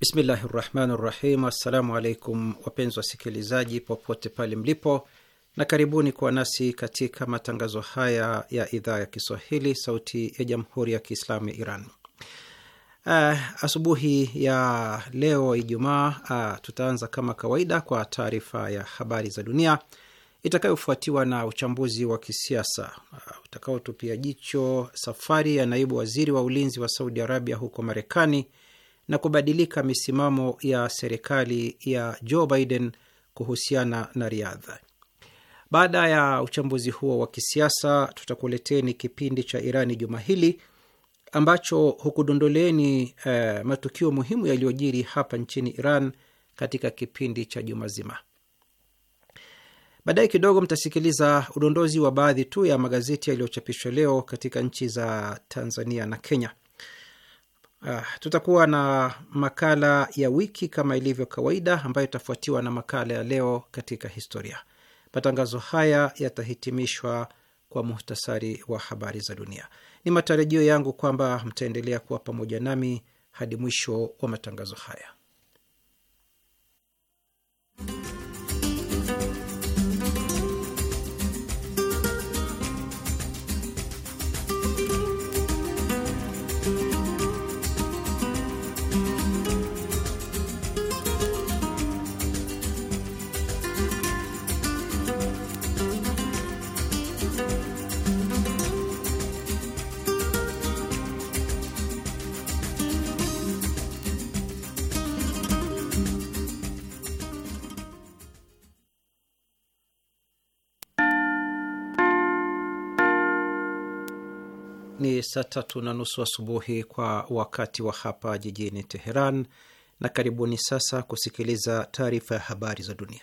Bismillahi rahmani rahim. Assalamu alaikum wapenzi wasikilizaji popote pale mlipo, na karibuni kuwa nasi katika matangazo haya ya idhaa ya Kiswahili sauti ya jamhuri ya Kiislamu ya Iran. Uh, asubuhi ya leo Ijumaa, uh, tutaanza kama kawaida kwa taarifa ya habari za dunia itakayofuatiwa na uchambuzi wa kisiasa uh, utakaotupia jicho safari ya naibu waziri wa ulinzi wa Saudi Arabia huko Marekani na kubadilika misimamo ya serikali ya Joe Biden kuhusiana na riadha Baada ya uchambuzi huo wa kisiasa, tutakuleteni kipindi cha Irani juma hili ambacho hukudondoleeni eh, matukio muhimu yaliyojiri hapa nchini Iran katika kipindi cha juma zima. Baadaye kidogo mtasikiliza udondozi wa baadhi tu ya magazeti yaliyochapishwa leo katika nchi za Tanzania na Kenya. Uh, tutakuwa na makala ya wiki kama ilivyo kawaida, ambayo itafuatiwa na makala ya leo katika historia. Matangazo haya yatahitimishwa kwa muhtasari wa habari za dunia. Ni matarajio yangu kwamba mtaendelea kuwa pamoja nami hadi mwisho wa matangazo haya. saa tatu na nusu asubuhi wa kwa wakati wa hapa jijini Teheran, na karibuni sasa kusikiliza taarifa ya habari za dunia.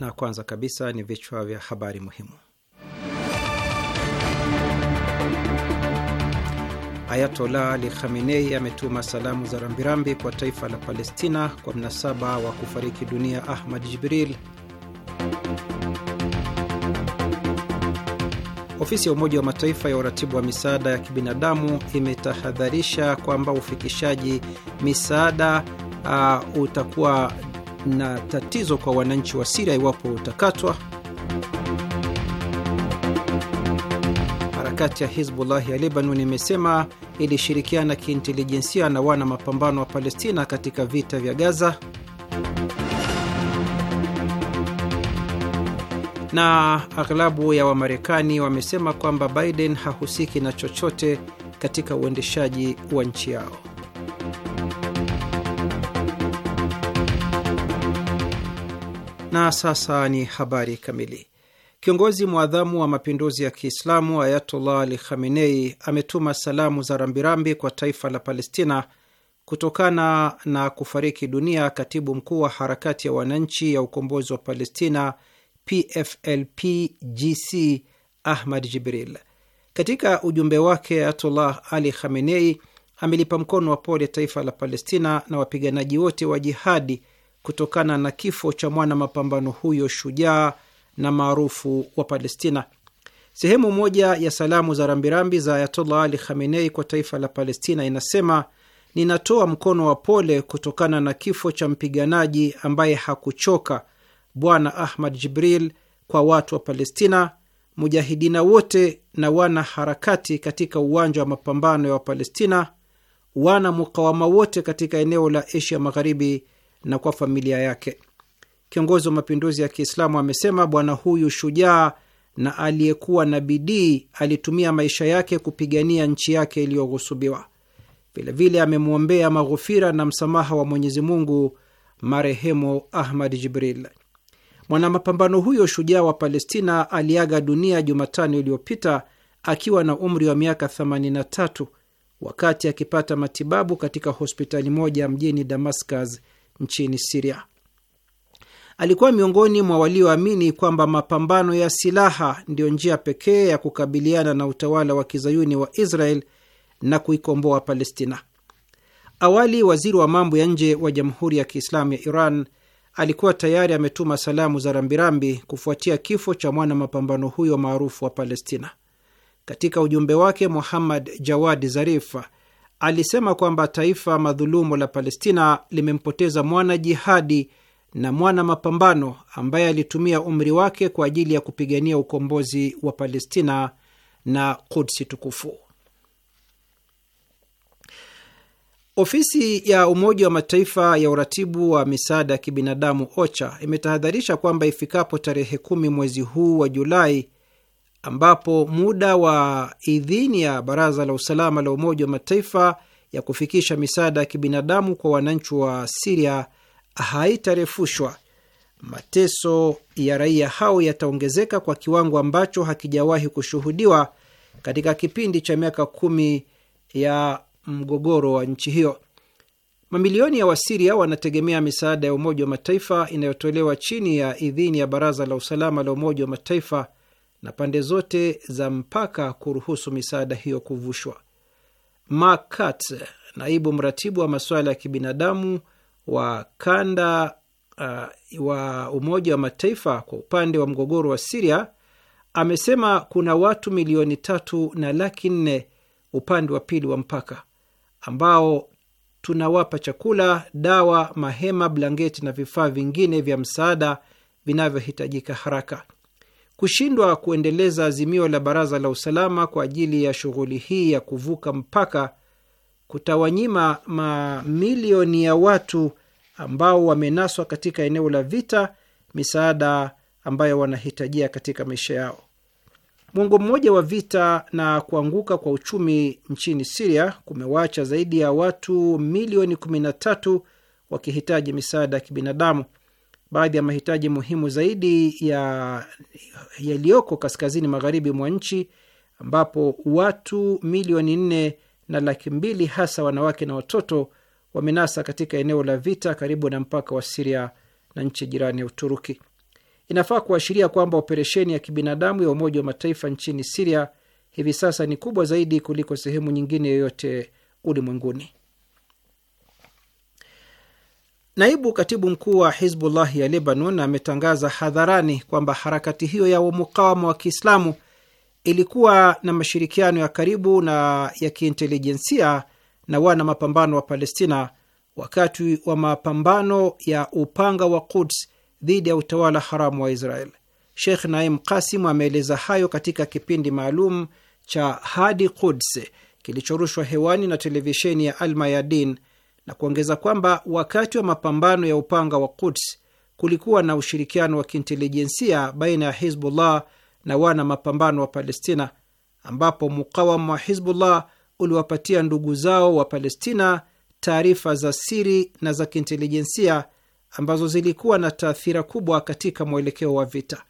Na kwanza kabisa ni vichwa vya habari muhimu. Ayatollah Ali Khamenei ametuma salamu za rambirambi kwa taifa la Palestina kwa mnasaba wa kufariki dunia Ahmad Jibril. Ofisi ya Umoja wa Mataifa ya uratibu wa misaada ya kibinadamu imetahadharisha kwamba ufikishaji misaada uh, utakuwa na tatizo kwa wananchi wa Siria iwapo utakatwa. kati ya Hizbullahi ya Lebanon imesema ilishirikiana kiintelijensia na wana mapambano wa Palestina katika vita vya Gaza. Na aghlabu ya Wamarekani wamesema kwamba Biden hahusiki na chochote katika uendeshaji wa nchi yao. Na sasa ni habari kamili. Kiongozi mwadhamu wa mapinduzi ya Kiislamu ayatullah Ali Khamenei ametuma salamu za rambirambi kwa taifa la Palestina kutokana na kufariki dunia katibu mkuu wa harakati ya wananchi ya ukombozi wa Palestina PFLP-GC Ahmad Jibril. Katika ujumbe wake, ayatullah Ali Khamenei amelipa mkono wa pole taifa la Palestina na wapiganaji wote wa jihadi kutokana na kifo cha mwana mapambano huyo shujaa na maarufu wa Palestina. Sehemu moja ya salamu za rambirambi za Ayatollah Ali Khamenei kwa taifa la Palestina inasema ninatoa mkono wa pole kutokana na kifo cha mpiganaji ambaye hakuchoka, Bwana Ahmad Jibril, kwa watu wa Palestina, mujahidina wote na wana harakati katika uwanja wa mapambano ya Wapalestina, wana mukawama wote katika eneo la Asia Magharibi na kwa familia yake. Kiongozi wa mapinduzi ya Kiislamu amesema bwana huyu shujaa na aliyekuwa na bidii alitumia maisha yake kupigania nchi yake iliyoghusubiwa. Vilevile amemwombea maghufira na msamaha wa Mwenyezi Mungu marehemu Ahmad Jibril. Mwanamapambano huyo shujaa wa Palestina aliaga dunia Jumatano iliyopita akiwa na umri wa miaka 83 wakati akipata matibabu katika hospitali moja mjini Damascus nchini Siria. Alikuwa miongoni mwa walioamini kwamba mapambano ya silaha ndiyo njia pekee ya kukabiliana na utawala wa kizayuni wa Israel na kuikomboa Palestina. Awali waziri wa mambo ya nje wa Jamhuri ya Kiislamu ya Iran alikuwa tayari ametuma salamu za rambirambi kufuatia kifo cha mwana mapambano huyo maarufu wa Palestina. Katika ujumbe wake, Muhammad Jawad Zarif alisema kwamba taifa madhulumu la Palestina limempoteza mwana jihadi na mwana mapambano ambaye alitumia umri wake kwa ajili ya kupigania ukombozi wa Palestina na Kudsi tukufu. Ofisi ya Umoja wa Mataifa ya uratibu wa misaada ya kibinadamu OCHA imetahadharisha kwamba ifikapo tarehe kumi mwezi huu wa Julai, ambapo muda wa idhini ya Baraza la Usalama la Umoja wa Mataifa ya kufikisha misaada ya kibinadamu kwa wananchi wa Siria haitarefushwa, mateso ya raia hao yataongezeka kwa kiwango ambacho hakijawahi kushuhudiwa katika kipindi cha miaka kumi ya mgogoro wa nchi hiyo. Mamilioni ya Wasiria wanategemea misaada ya Umoja wa Mataifa inayotolewa chini ya idhini ya Baraza la Usalama la Umoja wa Mataifa na pande zote za mpaka kuruhusu misaada hiyo kuvushwa. Mark Katz, naibu mratibu wa masuala ya kibinadamu wa kanda uh, wa Umoja wa Mataifa kwa upande wa mgogoro wa Siria amesema kuna watu milioni tatu na laki nne upande wa pili wa mpaka ambao tunawapa chakula, dawa, mahema, blanketi na vifaa vingine vya msaada vinavyohitajika haraka. Kushindwa kuendeleza azimio la Baraza la Usalama kwa ajili ya shughuli hii ya kuvuka mpaka kutawanyima mamilioni ya watu ambao wamenaswa katika eneo la vita misaada ambayo wanahitajia katika maisha yao. Mwongo mmoja wa vita na kuanguka kwa uchumi nchini Siria kumewaacha zaidi ya watu milioni 13 wakihitaji misaada ya kibinadamu. Baadhi ya mahitaji muhimu zaidi yaliyoko ya kaskazini magharibi mwa nchi ambapo watu milioni nne na laki mbili hasa wanawake na watoto wamenasa katika eneo la vita karibu na mpaka wa Siria na nchi jirani ya Uturuki. Inafaa kuashiria kwamba operesheni ya kibinadamu ya Umoja wa Mataifa nchini Siria hivi sasa ni kubwa zaidi kuliko sehemu nyingine yoyote ulimwenguni. Naibu katibu mkuu wa Hizbullah ya Lebanon ametangaza hadharani kwamba harakati hiyo ya mukawama wa Kiislamu ilikuwa na mashirikiano ya karibu na ya kiintelijensia na wana mapambano wa Palestina wakati wa mapambano ya upanga wa Quds dhidi ya utawala haramu wa Israel. Sheikh Naim Kasim ameeleza hayo katika kipindi maalum cha Hadi Quds kilichorushwa hewani na televisheni ya Almayadin na kuongeza kwamba wakati wa mapambano ya upanga wa Quds kulikuwa na ushirikiano wa kiintelijensia baina ya Hizbullah na wana mapambano wa Palestina, ambapo mukawama wa Hizbullah uliwapatia ndugu zao wa Palestina taarifa za siri na za kiintelijensia ambazo zilikuwa na taathira kubwa katika mwelekeo wa vita.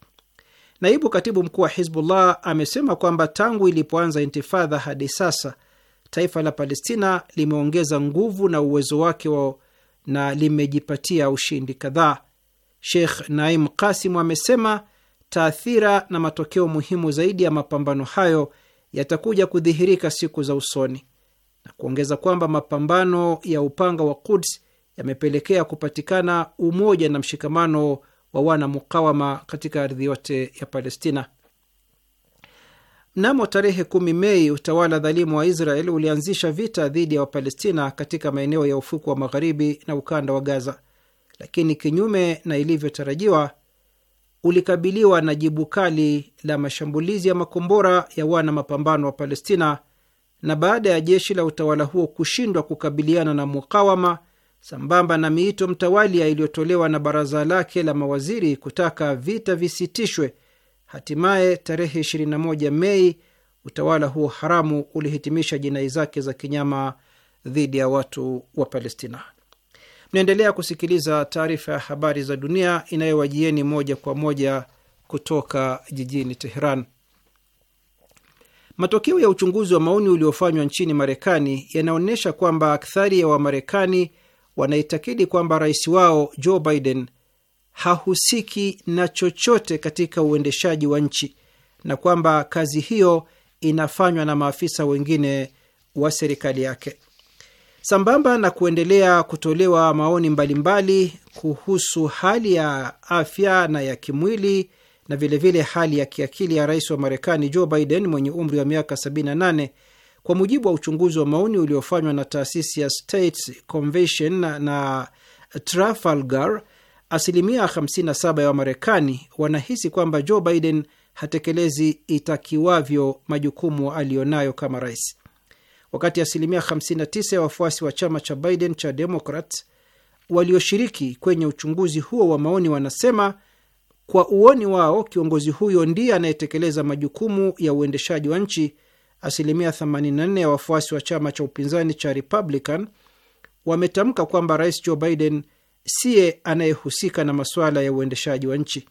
Naibu katibu mkuu wa Hizbullah amesema kwamba tangu ilipoanza intifadha hadi sasa taifa la Palestina limeongeza nguvu na uwezo wake wa na limejipatia ushindi kadhaa. Sheikh Naim Kasim amesema taathira na matokeo muhimu zaidi ya mapambano hayo yatakuja kudhihirika siku za usoni, na kuongeza kwamba mapambano ya upanga wa Quds yamepelekea kupatikana umoja na mshikamano wa wana mukawama katika ardhi yote ya Palestina. Mnamo tarehe 1 Mei, utawala dhalimu wa Israel ulianzisha vita dhidi ya Wapalestina katika maeneo ya ufuku wa magharibi na ukanda wa Gaza, lakini kinyume na ilivyotarajiwa ulikabiliwa na jibu kali la mashambulizi ya makombora ya wana mapambano wa Palestina, na baada ya jeshi la utawala huo kushindwa kukabiliana na mukawama, sambamba na miito mtawalia iliyotolewa na baraza lake la mawaziri kutaka vita visitishwe, hatimaye tarehe 21 Mei utawala huo haramu ulihitimisha jinai zake za kinyama dhidi ya watu wa Palestina. Mnaendelea kusikiliza taarifa ya habari za dunia inayowajieni moja kwa moja kutoka jijini Teheran. Matokeo ya uchunguzi wa maoni uliofanywa nchini Marekani yanaonyesha kwamba akthari ya Wamarekani wanaitakidi kwamba rais wao Joe Biden hahusiki na chochote katika uendeshaji wa nchi na kwamba kazi hiyo inafanywa na maafisa wengine wa serikali yake. Sambamba na kuendelea kutolewa maoni mbalimbali kuhusu hali ya afya na ya kimwili na vilevile vile hali ya kiakili ya rais wa Marekani Joe Biden mwenye umri wa miaka 78, kwa mujibu wa uchunguzi wa maoni uliofanywa na taasisi ya state Convention na, na Trafalgar, asilimia 57 ya Wamarekani wanahisi kwamba Joe Biden hatekelezi itakiwavyo majukumu aliyonayo kama rais wakati asilimia 59 ya wafuasi wa chama cha Biden cha Democrats walioshiriki kwenye uchunguzi huo wa maoni wanasema kwa uoni wao kiongozi huyo ndiye anayetekeleza majukumu ya uendeshaji wa nchi. Asilimia 84 ya wafuasi wa chama cha upinzani cha Republican wametamka kwamba Rais Joe Biden siye anayehusika na masuala ya uendeshaji wa nchi.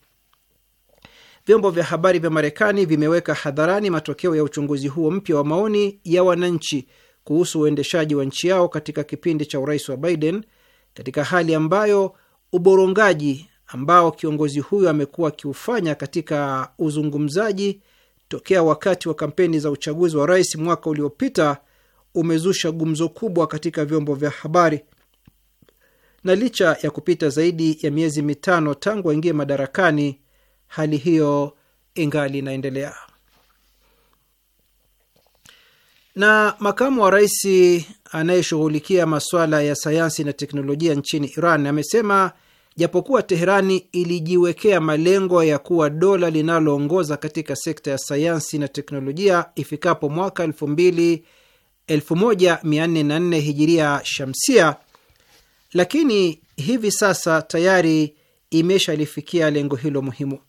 Vyombo vya habari vya Marekani vimeweka hadharani matokeo ya uchunguzi huo mpya wa maoni ya wananchi kuhusu uendeshaji wa nchi yao katika kipindi cha urais wa Biden, katika hali ambayo uborongaji ambao kiongozi huyo amekuwa akiufanya katika uzungumzaji tokea wakati wa kampeni za uchaguzi wa rais mwaka uliopita umezusha gumzo kubwa katika vyombo vya habari. Na licha ya kupita zaidi ya miezi mitano tangu aingie madarakani, hali hiyo ingali inaendelea. Na makamu wa rais anayeshughulikia masuala ya sayansi na teknolojia nchini Iran amesema japokuwa Teherani ilijiwekea malengo ya kuwa dola linaloongoza katika sekta ya sayansi na teknolojia ifikapo mwaka 2144 hijiria shamsia, lakini hivi sasa tayari imeshalifikia lengo hilo muhimu.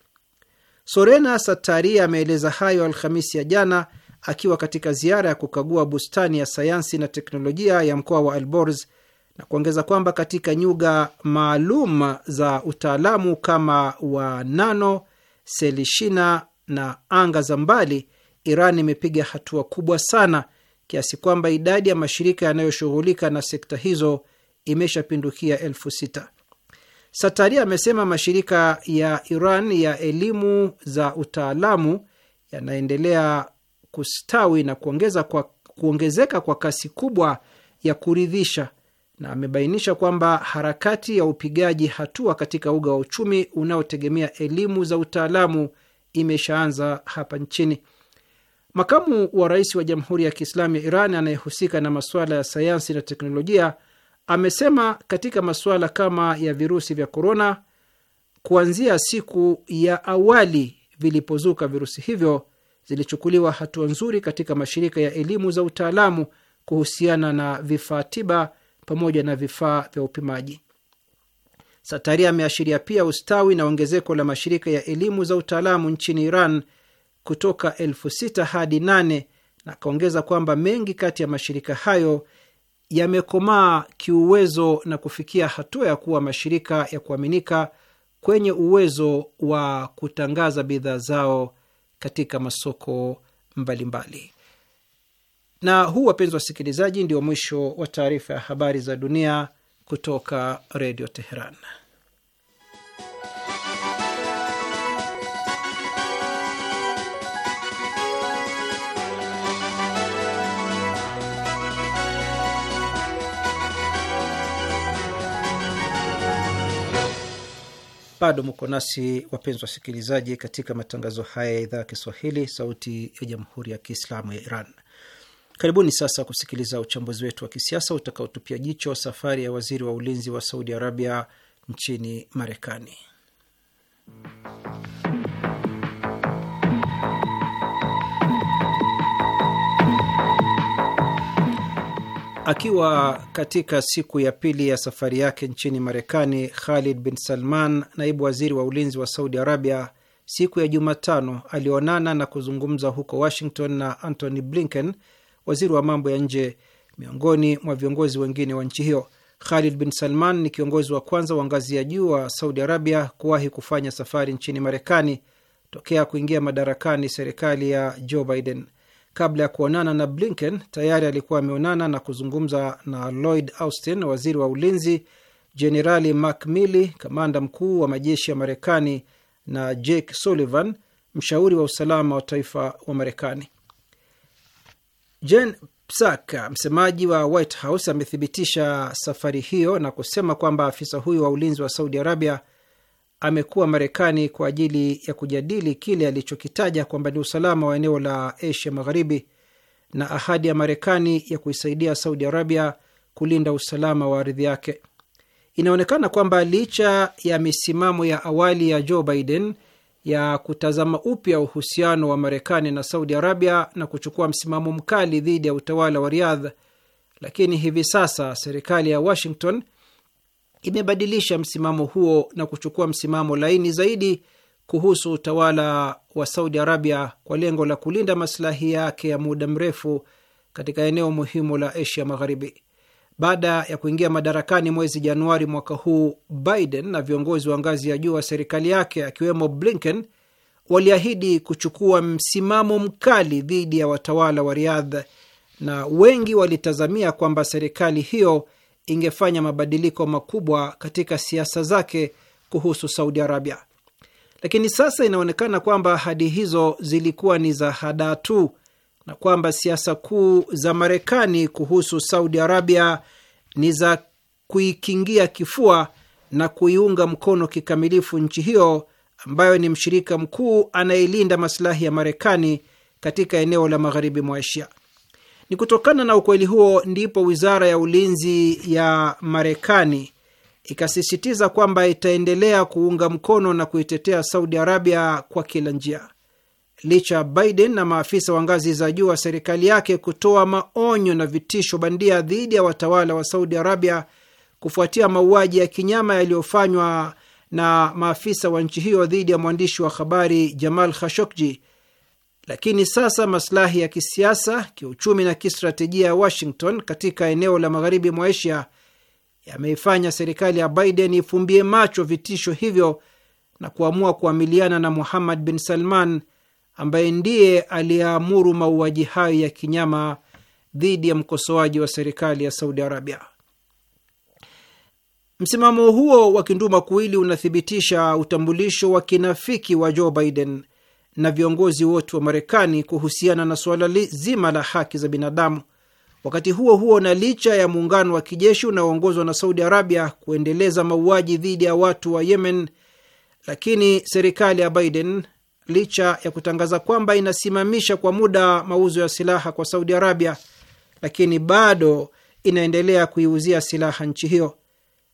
Sorena satari ameeleza hayo Alhamisi ya jana akiwa katika ziara ya kukagua bustani ya sayansi na teknolojia ya mkoa wa albors na kuongeza kwamba katika nyuga maalum za utaalamu kama wa nano, selishina na anga za mbali, Iran imepiga hatua kubwa sana kiasi kwamba idadi ya mashirika yanayoshughulika na sekta hizo imeshapindukia elfu sita. Satari amesema mashirika ya Iran ya elimu za utaalamu yanaendelea kustawi na kuongeza kwa, kuongezeka kwa kasi kubwa ya kuridhisha na amebainisha kwamba harakati ya upigaji hatua katika uga wa uchumi unaotegemea elimu za utaalamu imeshaanza hapa nchini. Makamu wa rais wa Jamhuri ya Kiislamu ya Iran anayehusika na masuala ya sayansi na teknolojia amesema katika masuala kama ya virusi vya korona, kuanzia siku ya awali vilipozuka virusi hivyo zilichukuliwa hatua nzuri katika mashirika ya elimu za utaalamu kuhusiana na vifaa tiba pamoja na vifaa vya upimaji. Satari ameashiria pia ustawi na ongezeko la mashirika ya elimu za utaalamu nchini Iran kutoka elfu sita hadi nane na akaongeza kwamba mengi kati ya mashirika hayo yamekomaa kiuwezo na kufikia hatua ya kuwa mashirika ya kuaminika kwenye uwezo wa kutangaza bidhaa zao katika masoko mbalimbali mbali. Na huu, wapenzi wa wasikilizaji, ndio mwisho wa taarifa ya habari za dunia kutoka Redio Teheran. Bado mko nasi wapenzi wasikilizaji, katika matangazo haya ya idhaa ya Kiswahili, sauti ya jamhuri ya kiislamu ya Iran. Karibuni sasa kusikiliza uchambuzi wetu wa kisiasa utakaotupia jicho safari ya waziri wa ulinzi wa Saudi Arabia nchini Marekani. Akiwa katika siku ya pili ya safari yake nchini Marekani, Khalid bin Salman, naibu waziri wa ulinzi wa Saudi Arabia, siku ya Jumatano alionana na kuzungumza huko Washington na Antony Blinken, waziri wa mambo ya nje, miongoni mwa viongozi wengine wa nchi hiyo. Khalid bin Salman ni kiongozi wa kwanza wa ngazi ya juu wa Saudi Arabia kuwahi kufanya safari nchini Marekani tokea kuingia madarakani serikali ya Joe Biden. Kabla ya kuonana na Blinken, tayari alikuwa ameonana na kuzungumza na Lloyd Austin, waziri wa ulinzi, Jenerali Mark Milley, kamanda mkuu wa majeshi ya Marekani, na Jake Sullivan, mshauri wa usalama wa taifa wa Marekani. Jen Psaki, msemaji wa White House, amethibitisha safari hiyo na kusema kwamba afisa huyo wa ulinzi wa Saudi Arabia amekuwa Marekani kwa ajili ya kujadili kile alichokitaja kwamba ni usalama wa eneo la Asia Magharibi na ahadi ya Marekani ya kuisaidia Saudi Arabia kulinda usalama wa ardhi yake. Inaonekana kwamba licha ya misimamo ya awali ya Joe Biden ya kutazama upya uhusiano wa Marekani na Saudi Arabia na kuchukua msimamo mkali dhidi ya utawala wa Riyadh, lakini hivi sasa serikali ya Washington imebadilisha msimamo huo na kuchukua msimamo laini zaidi kuhusu utawala wa Saudi Arabia kwa lengo la kulinda masilahi yake ya muda mrefu katika eneo muhimu la Asia Magharibi. Baada ya kuingia madarakani mwezi Januari mwaka huu, Biden na viongozi wa ngazi ya juu wa serikali yake akiwemo Blinken waliahidi kuchukua msimamo mkali dhidi ya watawala wa Riyadh, na wengi walitazamia kwamba serikali hiyo ingefanya mabadiliko makubwa katika siasa zake kuhusu Saudi Arabia, lakini sasa inaonekana kwamba ahadi hizo zilikuwa ni za hadaa tu na kwamba siasa kuu za Marekani kuhusu Saudi Arabia ni za kuikingia kifua na kuiunga mkono kikamilifu nchi hiyo ambayo ni mshirika mkuu anayelinda masilahi ya Marekani katika eneo la magharibi mwa Asia. Ni kutokana na ukweli huo ndipo wizara ya ulinzi ya Marekani ikasisitiza kwamba itaendelea kuunga mkono na kuitetea Saudi Arabia kwa kila njia, licha Biden na maafisa wa ngazi za juu wa serikali yake kutoa maonyo na vitisho bandia dhidi ya watawala wa Saudi Arabia kufuatia mauaji ya kinyama yaliyofanywa na maafisa wa nchi hiyo dhidi ya mwandishi wa habari Jamal Khashoggi lakini sasa masilahi ya kisiasa, kiuchumi na kistratejia ya Washington katika eneo la magharibi mwa Asia yameifanya serikali ya Biden ifumbie macho vitisho hivyo na kuamua kuamiliana na Muhammad bin Salman ambaye ndiye aliyeamuru mauaji hayo ya kinyama dhidi ya mkosoaji wa serikali ya Saudi Arabia. Msimamo huo wa kinduma kuwili unathibitisha utambulisho wa kinafiki wa Joe Biden na viongozi wote wa Marekani kuhusiana na suala zima la haki za binadamu. Wakati huo huo, na licha ya muungano wa kijeshi unaoongozwa na Saudi Arabia kuendeleza mauaji dhidi ya watu wa Yemen, lakini serikali ya Biden licha ya kutangaza kwamba inasimamisha kwa muda mauzo ya silaha kwa Saudi Arabia, lakini bado inaendelea kuiuzia silaha nchi hiyo.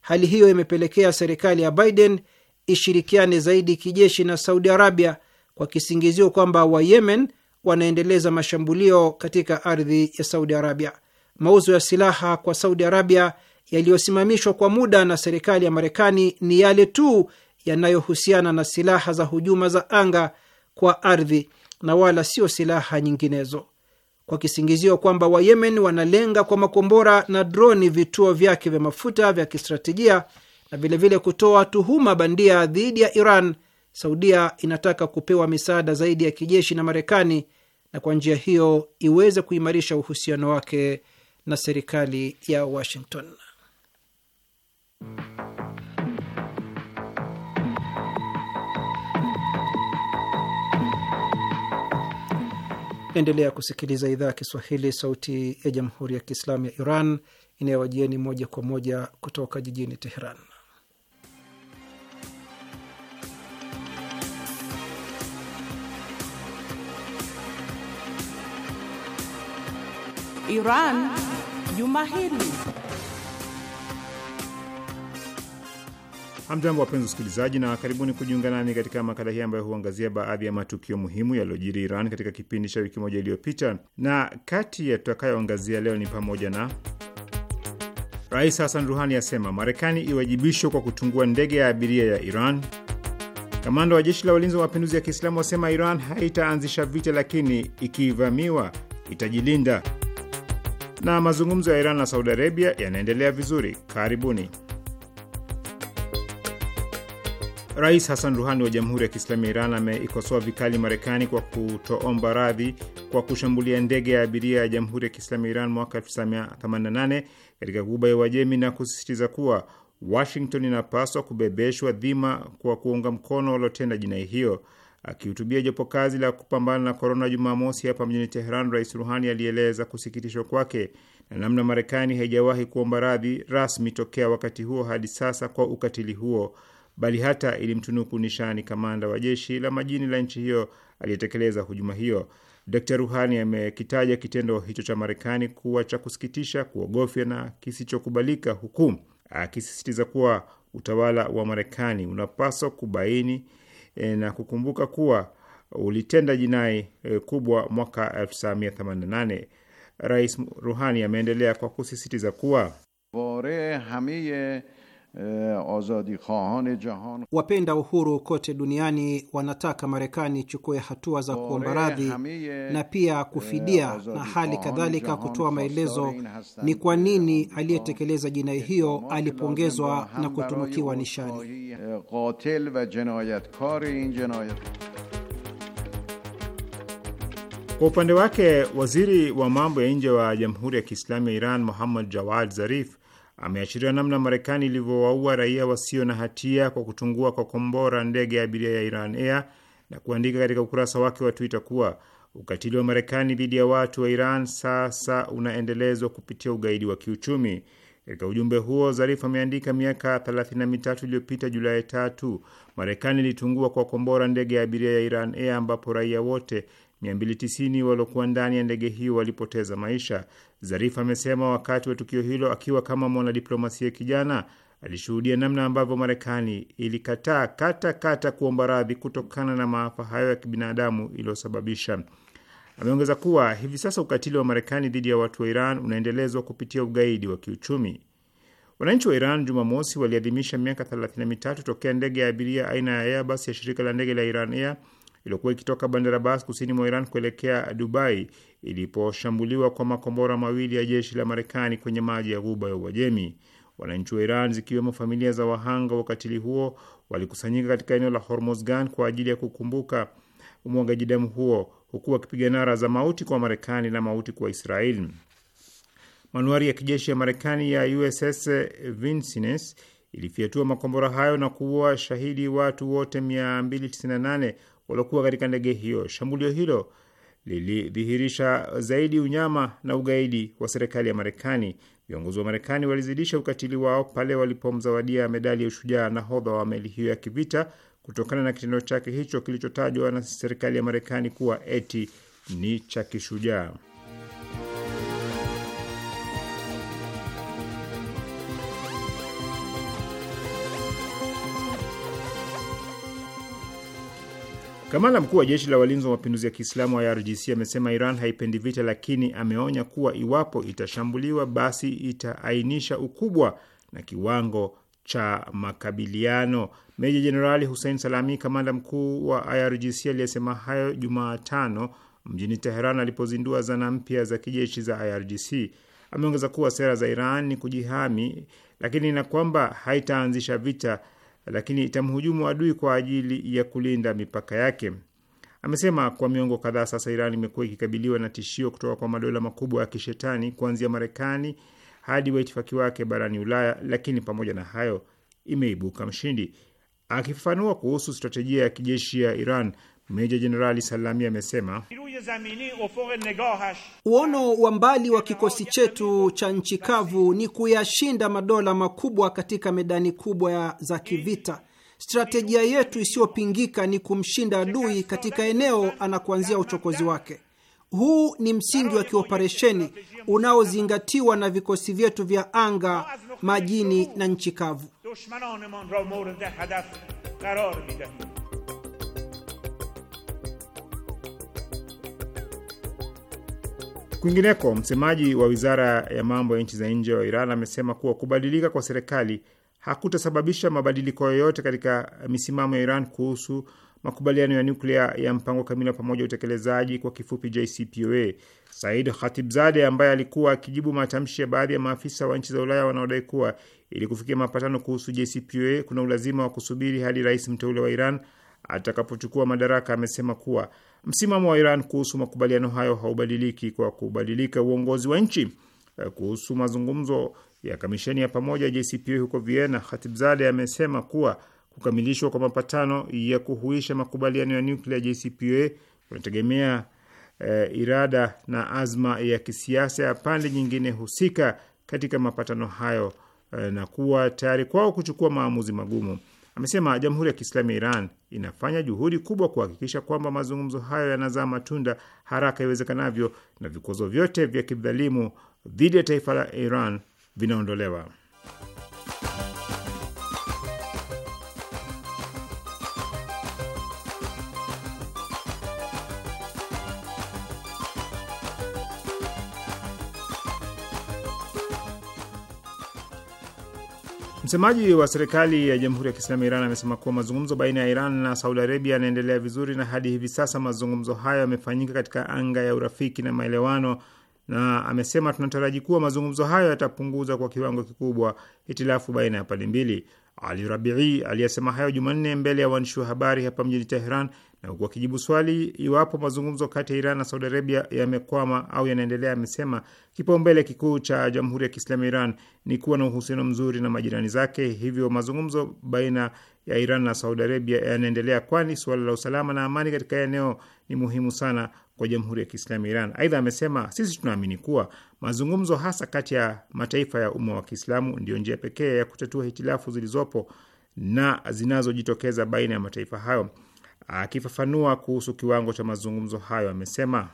Hali hiyo imepelekea serikali ya Biden ishirikiane zaidi kijeshi na Saudi Arabia kwa kisingizio kwamba Wayemen wanaendeleza mashambulio katika ardhi ya Saudi Arabia. Mauzo ya silaha kwa Saudi Arabia yaliyosimamishwa kwa muda na serikali ya Marekani ni yale tu yanayohusiana na silaha za hujuma za anga kwa ardhi na wala sio silaha nyinginezo, kwa kisingizio kwamba Wayemen wanalenga kwa makombora na droni vituo vyake vya mafuta vya kistratejia na vilevile kutoa tuhuma bandia dhidi ya Iran Saudia inataka kupewa misaada zaidi ya kijeshi na Marekani na kwa njia hiyo iweze kuimarisha uhusiano wake na serikali ya Washington. Naendelea kusikiliza idhaa ya Kiswahili, sauti ya jamhuri ya kiislamu ya Iran inayowajieni moja kwa moja kutoka jijini Teheran. Iran juma hili. Hamjambo, wapenzi wasikilizaji, na karibuni kujiunga nami katika makala hii ambayo huangazia baadhi ya matukio muhimu yaliyojiri Iran katika kipindi cha wiki moja iliyopita, na kati ya tutakayoangazia leo ni pamoja na Rais Hassan Ruhani asema Marekani iwajibishwe kwa kutungua ndege ya abiria ya Iran. Kamanda wa jeshi la walinzi wa mapinduzi ya Kiislamu wasema Iran haitaanzisha vita, lakini ikivamiwa itajilinda na mazungumzo ya Iran na Saudi Arabia yanaendelea vizuri. Karibuni. Rais Hassan Ruhani wa Jamhuri ya Kiislamu ya Iran ameikosoa vikali Marekani kwa kutoomba radhi kwa kushambulia ndege ya abiria ya Jamhuri ya Kiislamu ya Iran mwaka 1988 katika Ghuba ya Uajemi na kusisitiza kuwa Washington inapaswa kubebeshwa dhima kwa kuunga mkono waliotenda jinai hiyo. Akihutubia jopo kazi la kupambana na korona Jumamosi hapa mjini Teheran, Rais Ruhani alieleza kusikitishwa kwake na namna Marekani haijawahi kuomba radhi rasmi tokea wakati huo hadi sasa kwa ukatili huo, bali hata ilimtunuku nishani kamanda wa jeshi la majini la nchi hiyo aliyetekeleza hujuma hiyo. d Ruhani amekitaja kitendo hicho cha Marekani kuwa cha kusikitisha, kuogofya na kisichokubalika, huku akisisitiza kuwa utawala wa Marekani unapaswa kubaini e, na kukumbuka kuwa ulitenda jinai e, kubwa mwaka 1988. Rais Ruhani ameendelea kwa kusisitiza kuwa vore hamiye Eh, eh, Wapenda uhuru kote duniani wanataka Marekani ichukue hatua za kuomba radhi na pia kufidia eh, na hali kadhalika kutoa maelezo ni kwa nini aliyetekeleza jinai hiyo alipongezwa na kutunukiwa nishani. Kwa upande wake, waziri wa mambo ya nje wa Jamhuri ya Kiislamu ya Iran Muhammad Jawad Zarif ameashiria namna Marekani ilivyowaua raia wasio na hatia kwa kutungua kwa kombora ndege ya abiria ya Iran Air na kuandika katika ukurasa wake wa Twitter kuwa ukatili wa Marekani dhidi ya watu wa Iran sasa unaendelezwa kupitia ugaidi wa kiuchumi. Katika ujumbe huo Zarif ameandika, miaka thelathini na mitatu iliyopita Julai tatu, Marekani ilitungua kwa kombora ndege ya abiria ya Iran Air ambapo raia wote 290 waliokuwa ndani ya ndege hiyo walipoteza maisha. Zarif amesema wakati wa tukio hilo akiwa kama mwanadiplomasia kijana alishuhudia namna ambavyo Marekani ilikataa kata kata kuomba radhi kutokana na maafa hayo ya kibinadamu iliyosababisha. Ameongeza kuwa hivi sasa ukatili wa Marekani dhidi ya watu wa Iran unaendelezwa kupitia ugaidi wa kiuchumi. Wananchi wa Iran Jumamosi waliadhimisha miaka 33 tokea ndege ya abiria aina ya Airbus ya shirika la ndege la Iran Air iliyokuwa ikitoka Bandar Abbas kusini mwa Iran kuelekea Dubai iliposhambuliwa kwa makombora mawili ya jeshi la Marekani kwenye maji ya Ghuba ya Uajemi. Wananchi wa Iran, zikiwemo familia za wahanga wakatili huo, walikusanyika katika eneo la Hormozgan kwa ajili ya kukumbuka umwagaji damu huo, huku wakipiga nara za mauti kwa Marekani na mauti kwa Israel. Manuari ya kijeshi ya Marekani ya USS Vincennes ilifyatua makombora hayo na kuua shahidi watu wote 298 waliokuwa katika ndege hiyo. Shambulio hilo lilidhihirisha zaidi unyama na ugaidi wa serikali ya Marekani. Viongozi wa Marekani walizidisha ukatili wao pale walipomzawadia medali ya ushujaa nahodha wa meli hiyo ya kivita kutokana na kitendo chake hicho kilichotajwa na serikali ya Marekani kuwa eti ni cha kishujaa. Kamanda mkuu wa jeshi la walinzi wa mapinduzi ya Kiislamu wa IRGC amesema Iran haipendi vita, lakini ameonya kuwa iwapo itashambuliwa, basi itaainisha ukubwa na kiwango cha makabiliano. Meja Jenerali Hussein Salami, kamanda mkuu wa IRGC, aliyesema hayo Jumatano mjini Teheran alipozindua zana mpya za kijeshi za IRGC, ameongeza kuwa sera za Iran ni kujihami, lakini na kwamba haitaanzisha vita lakini itamhujumu adui kwa ajili ya kulinda mipaka yake. Amesema kwa miongo kadhaa sasa Iran imekuwa ikikabiliwa na tishio kutoka kwa madola makubwa ya kishetani kuanzia Marekani hadi waitifaki wake barani Ulaya, lakini pamoja na hayo imeibuka mshindi. Akifafanua kuhusu strategia ya kijeshi ya Iran, Meja Jenerali Salami amesema uono wa mbali wa kikosi chetu cha nchi kavu ni kuyashinda madola makubwa katika medani kubwa za kivita. Strategia yetu isiyopingika ni kumshinda adui katika eneo anakuanzia uchokozi wake. Huu ni msingi wa kioperesheni unaozingatiwa na vikosi vyetu vya anga, majini na nchi kavu. Kwingineko, msemaji wa wizara ya mambo ya nchi za nje wa Iran amesema kuwa kubadilika kwa serikali hakutasababisha mabadiliko yoyote katika misimamo ya Iran kuhusu makubaliano ya nyuklia ya mpango kamili wa pamoja utekelezaji kwa kifupi JCPOA. Said Khatibzade ambaye alikuwa akijibu matamshi ya baadhi ya maafisa wa nchi za Ulaya wanaodai kuwa ili kufikia mapatano kuhusu JCPOA kuna ulazima wa kusubiri hadi rais mteule wa Iran atakapochukua madaraka, amesema kuwa msimamo wa Iran kuhusu makubaliano hayo haubadiliki kwa kubadilika uongozi wa nchi. Eh, kuhusu mazungumzo ya kamisheni ya pamoja JCPOA huko Vienna, Khatibzadeh amesema kuwa kukamilishwa kwa mapatano ya kuhuisha makubaliano ya nuklia JCPOA kunategemea e, irada na azma ya kisiasa ya pande nyingine husika katika mapatano hayo e, na kuwa tayari kwao kuchukua maamuzi magumu. Amesema Jamhuri ya Kiislamu ya Iran inafanya juhudi kubwa kuhakikisha kwamba mazungumzo hayo yanazaa matunda haraka iwezekanavyo na vikwazo vyote vya kidhalimu dhidi ya taifa la Iran vinaondolewa. Msemaji wa serikali ya Jamhuri ya Kiislamu ya Iran amesema kuwa mazungumzo baina ya Iran na Saudi Arabia yanaendelea vizuri na hadi hivi sasa mazungumzo hayo yamefanyika katika anga ya urafiki na maelewano, na amesema tunataraji kuwa mazungumzo hayo yatapunguza kwa kiwango kikubwa hitilafu baina ya pande mbili. Ali Rabii aliyesema hayo Jumanne mbele ya waandishi wa habari hapa mjini Teheran na huku akijibu swali iwapo mazungumzo kati ya Iran na Saudi Arabia yamekwama au yanaendelea, amesema kipaumbele kikuu cha Jamhuri ya Kiislamu ya Iran ni kuwa na uhusiano mzuri na majirani zake, hivyo mazungumzo baina ya Iran na Saudi Arabia yanaendelea, kwani suala la usalama na amani katika eneo ni muhimu sana kwa Jamhuri ya Kiislamu ya Iran. Aidha amesema sisi tunaamini kuwa mazungumzo hasa kati ya mataifa ya umma wa Kiislamu ndiyo njia pekee ya kutatua hitilafu zilizopo na zinazojitokeza baina ya mataifa hayo. Akifafanua kuhusu kiwango cha mazungumzo hayo amesema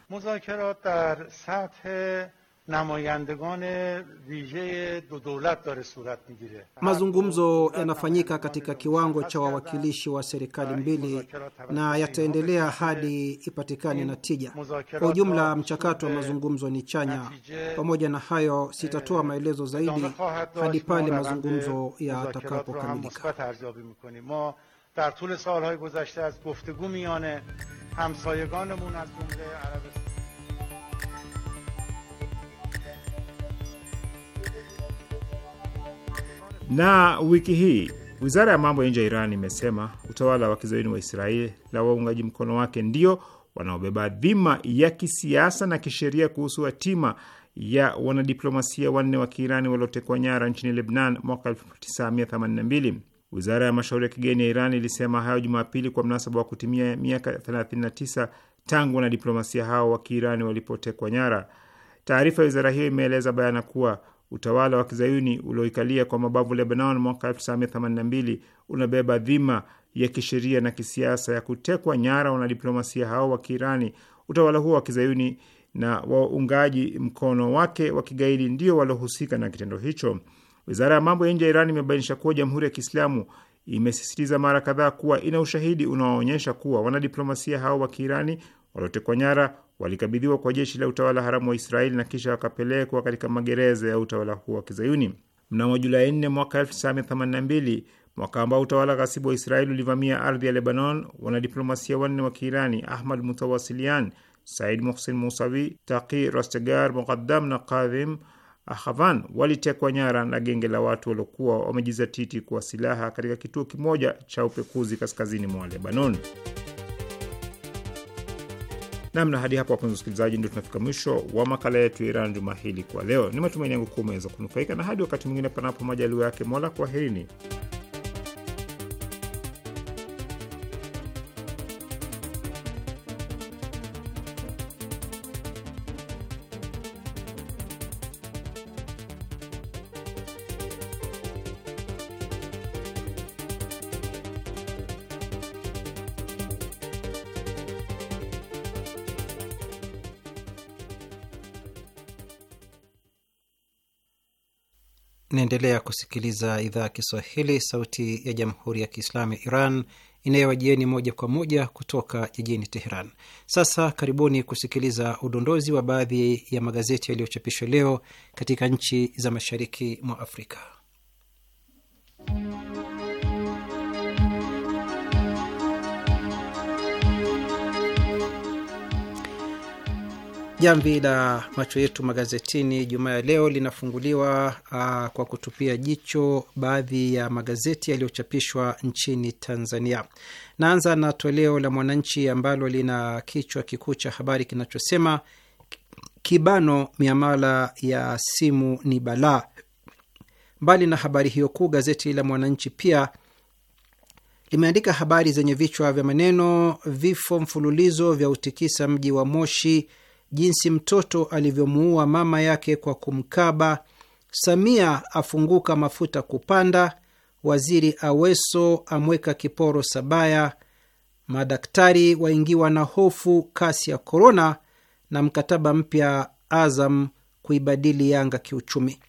mazungumzo yanafanyika katika kiwango cha wawakilishi wa serikali mbili na yataendelea hadi ipatikane na tija. Kwa ujumla, mchakato wa mazungumzo ni chanya. Pamoja na hayo, sitatoa maelezo zaidi hadi pale mazungumzo yatakapokamilika. در طول سالهای گذشته از گفتگو میان همسایگانمون از جمله عربستان Na wiki hii wizara ya mambo ya nje ya Iran imesema utawala wa kizayuni wa Israeli la waungaji mkono wake ndio wanaobeba dhima ya kisiasa na kisheria kuhusu hatima ya wanadiplomasia wanne wa Kiirani waliotekwa nyara nchini Lebnan mwaka 1982. Wizara ya mashauri ya kigeni ya Iran ilisema hayo Jumapili kwa mnasaba wa kutimia miaka 39 tangu wanadiplomasia hao wa Kiirani walipotekwa nyara. Taarifa ya wizara hiyo imeeleza bayana kuwa utawala wa kizayuni ulioikalia kwa mabavu Lebanon mwaka 1982 unabeba dhima ya kisheria na kisiasa ya kutekwa nyara wanadiplomasia hao wa Kiirani. Utawala huo wa kizayuni na waungaji mkono wake wa kigaidi ndio waliohusika na kitendo hicho. Wizara ya mambo ya nje ya Iran imebainisha kuwa Jamhuri ya Kiislamu imesisitiza mara kadhaa kuwa ina ushahidi unaoonyesha kuwa wanadiplomasia hao wa Kiirani waliotekwa nyara walikabidhiwa kwa jeshi la utawala haramu wa Israeli na kisha wakapelekwa katika magereza ya utawala huo wa Kizayuni mnamo Julai 4 mwaka 1982, mwaka ambao utawala ghasibu wa Israeli ulivamia ardhi ya Lebanon. Wanadiplomasia wanne wa Kiirani, Ahmad Mutawasilian, Said Muhsin Musawi, Taqi Rastegar Muqaddam na Kadhim ahavan walitekwa nyara na genge la watu waliokuwa wamejizatiti kwa silaha katika kituo kimoja cha upekuzi kaskazini mwa Lebanon. Namna hadi hapo, wapenzi wasikilizaji, ndio tunafika mwisho wa makala yetu ya Iran juma hili. Kwa leo, ni matumaini yangu kuwa umeweza kunufaika, na hadi wakati mwingine, panapo majaliwa yake Mola, kwaherini. Naendelea kusikiliza idhaa ya Kiswahili, sauti ya jamhuri ya kiislamu ya Iran inayowajieni moja kwa moja kutoka jijini Teheran. Sasa karibuni kusikiliza udondozi wa baadhi ya magazeti yaliyochapishwa leo katika nchi za mashariki mwa Afrika. Jamvi la macho yetu magazetini Jumaa ya leo linafunguliwa uh, kwa kutupia jicho baadhi ya magazeti yaliyochapishwa nchini Tanzania. Naanza na toleo la Mwananchi ambalo lina kichwa kikuu cha habari kinachosema kibano, miamala ya simu ni balaa. Mbali na habari hiyo kuu, gazeti la Mwananchi pia limeandika habari zenye vichwa vya maneno vifo mfululizo vya utikisa mji wa Moshi jinsi mtoto alivyomuua mama yake kwa kumkaba, Samia afunguka mafuta kupanda, waziri Aweso amweka kiporo Sabaya, madaktari waingiwa na hofu kasi ya korona, na mkataba mpya Azam kuibadili Yanga kiuchumi.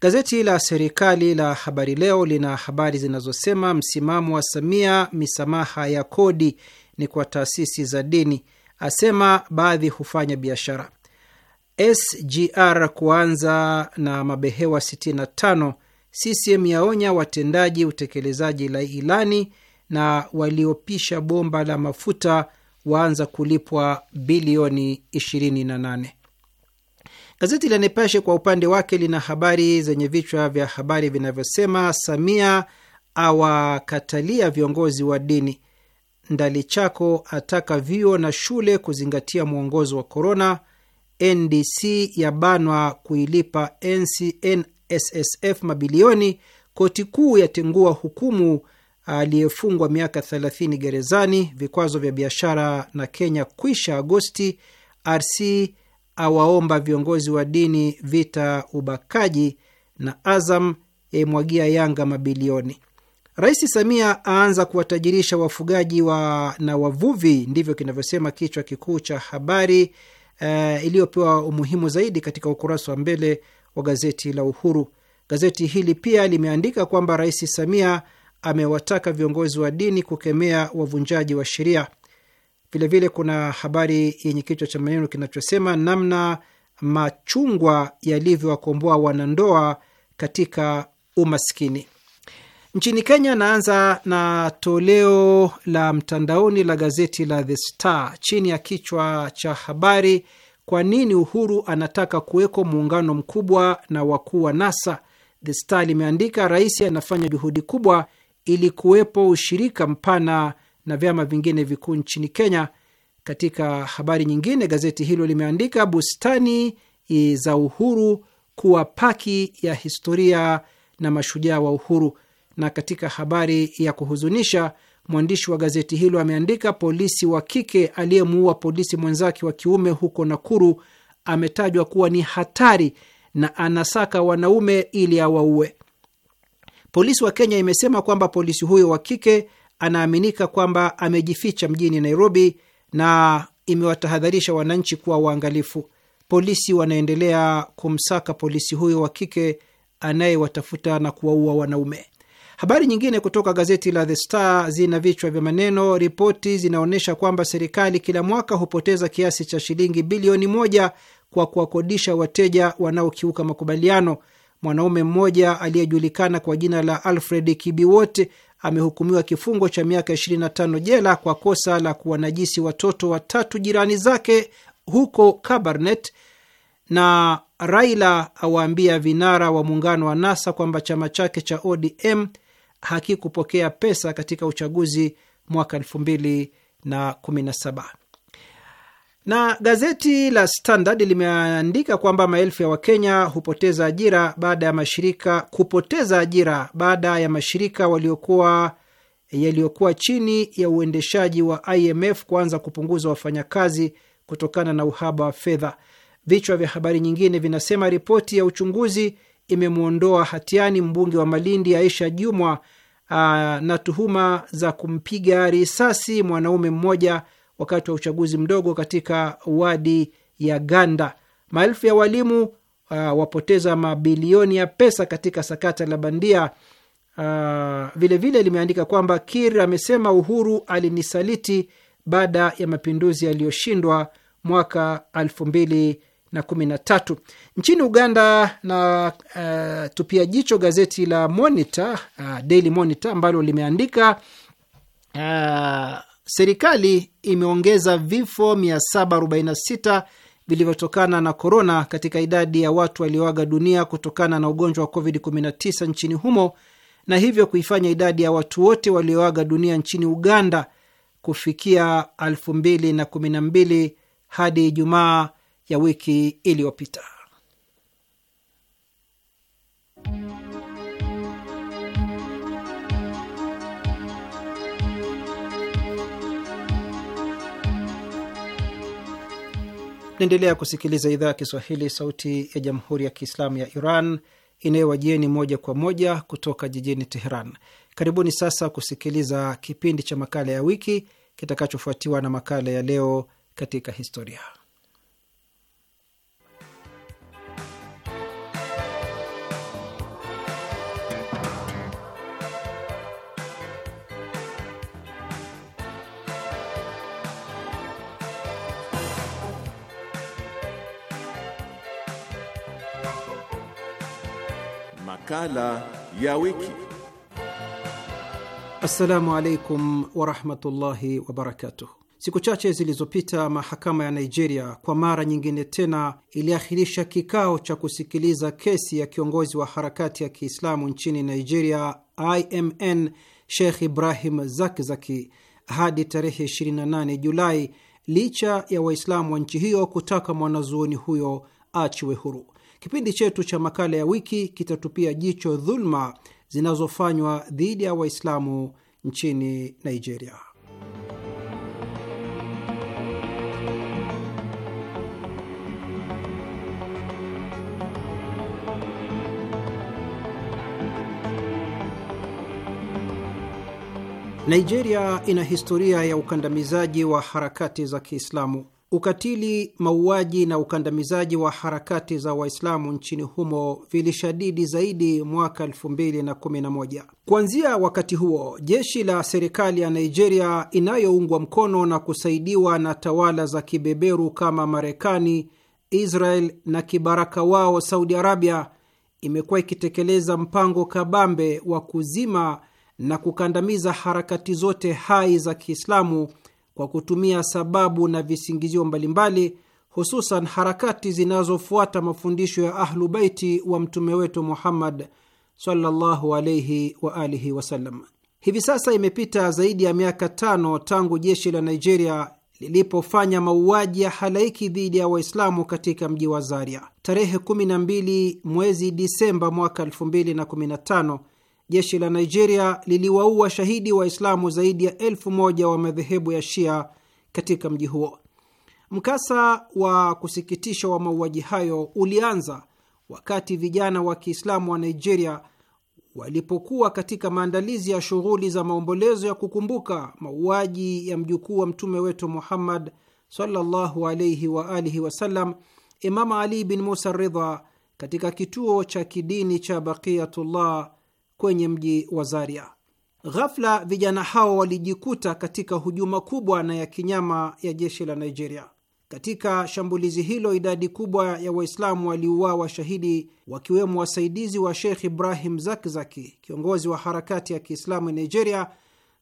Gazeti la serikali la Habari Leo lina habari zinazosema msimamo wa Samia, misamaha ya kodi ni kwa taasisi za dini asema baadhi hufanya biashara. SGR kuanza na mabehewa 65. CCM yaonya watendaji utekelezaji la ilani, na waliopisha bomba la mafuta waanza kulipwa bilioni 28. Gazeti la Nipashe kwa upande wake lina habari zenye vichwa vya habari vinavyosema: Samia awakatalia viongozi wa dini Ndalichako ataka vyuo na shule kuzingatia mwongozo wa korona. NDC yabanwa kuilipa NSSF mabilioni. Koti kuu yatengua hukumu aliyefungwa miaka 30 gerezani. Vikwazo vya biashara na Kenya kwisha Agosti. RC awaomba viongozi wa dini vita ubakaji, na Azam yaimwagia Yanga mabilioni. Rais Samia aanza kuwatajirisha wafugaji wa na wavuvi, ndivyo kinavyosema kichwa kikuu cha habari uh, iliyopewa umuhimu zaidi katika ukurasa wa mbele wa gazeti la Uhuru. Gazeti hili pia limeandika kwamba Rais Samia amewataka viongozi wa dini kukemea wavunjaji wa sheria. Vilevile kuna habari yenye kichwa cha maneno kinachosema namna machungwa yalivyowakomboa wanandoa katika umaskini. Nchini Kenya, naanza na toleo la mtandaoni la gazeti la The Star chini ya kichwa cha habari, kwa nini Uhuru anataka kuweko muungano mkubwa na wakuu wa NASA. The Star limeandika, rais anafanya juhudi kubwa ili kuwepo ushirika mpana na vyama vingine vikuu nchini Kenya. Katika habari nyingine, gazeti hilo limeandika bustani za Uhuru kuwa paki ya historia na mashujaa wa uhuru. Na katika habari ya kuhuzunisha, mwandishi wa gazeti hilo ameandika, polisi wa kike aliyemuua polisi mwenzake wa kiume huko Nakuru ametajwa kuwa ni hatari na anasaka wanaume ili awaue. Polisi wa Kenya imesema kwamba polisi huyo wa kike anaaminika kwamba amejificha mjini Nairobi na imewatahadharisha wananchi kuwa waangalifu. Polisi wanaendelea kumsaka polisi huyo wa kike anayewatafuta na kuwaua wanaume. Habari nyingine kutoka gazeti la The Star zina vichwa vya maneno: ripoti zinaonyesha kwamba serikali kila mwaka hupoteza kiasi cha shilingi bilioni moja kwa kuwakodisha wateja wanaokiuka makubaliano. Mwanaume mmoja aliyejulikana kwa jina la Alfred Kibiwot amehukumiwa kifungo cha miaka 25 jela kwa kosa la kuwanajisi watoto watatu jirani zake huko Kabarnet, na Raila awaambia vinara wa muungano wa NASA kwamba chama chake cha ODM hakikupokea pesa katika uchaguzi mwaka saba. Na gazeti la Standard limeandika kwamba maelfu ya Wakenya hupoteza ajira baada ya mashirika kupoteza ajira baada ya mashirika waliokuwa yaliyokuwa chini ya uendeshaji wa IMF kuanza kupunguza wafanyakazi kutokana na uhaba wa fedha. Vichwa vya habari nyingine vinasema ripoti ya uchunguzi imemwondoa hatiani mbunge wa Malindi Aisha Jumwa ah, na tuhuma za kumpiga risasi mwanaume mmoja wakati wa uchaguzi mdogo katika wadi ya Ganda. Maelfu ya walimu a, ah, wapoteza mabilioni ya pesa katika sakata la bandia. Vilevile ah, vile limeandika kwamba Kir amesema Uhuru alinisaliti baada ya mapinduzi yaliyoshindwa mwaka elfu mbili na tatu Nchini Uganda na uh, tupia jicho gazeti la Monitor, uh, Daily Monitor ambalo limeandika uh, serikali imeongeza vifo 746 vilivyotokana na korona katika idadi ya watu walioaga dunia kutokana na ugonjwa wa COVID-19 nchini humo na hivyo kuifanya idadi ya watu wote walioaga dunia nchini Uganda kufikia 2012 hadi Ijumaa ya wiki iliyopita. Naendelea kusikiliza idhaa ya Kiswahili, sauti ya jamhuri ya kiislamu ya Iran inayowajieni moja kwa moja kutoka jijini Teheran. Karibuni sasa kusikiliza kipindi cha makala ya wiki kitakachofuatiwa na makala ya leo katika historia. makala ya wiki. Assalamu alaikum warahmatullahi wabarakatuh. Siku chache zilizopita mahakama ya Nigeria kwa mara nyingine tena iliahirisha kikao cha kusikiliza kesi ya kiongozi wa harakati ya Kiislamu nchini Nigeria, IMN, Sheikh Ibrahim Zakzaki hadi tarehe 28 Julai licha ya Waislamu wa nchi hiyo kutaka mwanazuoni huyo achiwe huru. Kipindi chetu cha makala ya wiki kitatupia jicho dhuluma zinazofanywa dhidi ya Waislamu nchini Nigeria. Nigeria ina historia ya ukandamizaji wa harakati za Kiislamu. Ukatili, mauaji na ukandamizaji wa harakati za Waislamu nchini humo vilishadidi zaidi mwaka 2011. Kuanzia wakati huo, jeshi la serikali ya Nigeria inayoungwa mkono na kusaidiwa na tawala za kibeberu kama Marekani, Israel na kibaraka wao Saudi Arabia imekuwa ikitekeleza mpango kabambe wa kuzima na kukandamiza harakati zote hai za Kiislamu kwa kutumia sababu na visingizio mbalimbali, hususan harakati zinazofuata mafundisho ya Ahlu Baiti wa mtume wetu Muhammad sallallahu wa alihi wasallam. Hivi sasa imepita zaidi ya miaka tano tangu jeshi la Nigeria lilipofanya mauaji ya halaiki dhidi ya Waislamu katika mji wa Zaria tarehe 12 mwezi Disemba mwaka 2015 jeshi la Nigeria liliwaua shahidi Waislamu zaidi ya elfu moja wa madhehebu ya Shia katika mji huo. Mkasa wa kusikitisha wa mauaji hayo ulianza wakati vijana wa Kiislamu wa Nigeria walipokuwa katika maandalizi ya shughuli za maombolezo ya kukumbuka mauaji ya mjukuu wa mtume wetu Muhammad sallallahu wa alihi wasallam, Imama Ali bin Musa Ridha, katika kituo cha kidini cha Baqiyatullah kwenye mji wa Zaria. Ghafla vijana hao walijikuta katika hujuma kubwa na ya kinyama ya jeshi la Nigeria. Katika shambulizi hilo idadi kubwa ya Waislamu waliuawa shahidi, wakiwemo wasaidizi wa Sheikh Ibrahim Zakzaki, kiongozi wa harakati ya Kiislamu Nigeria,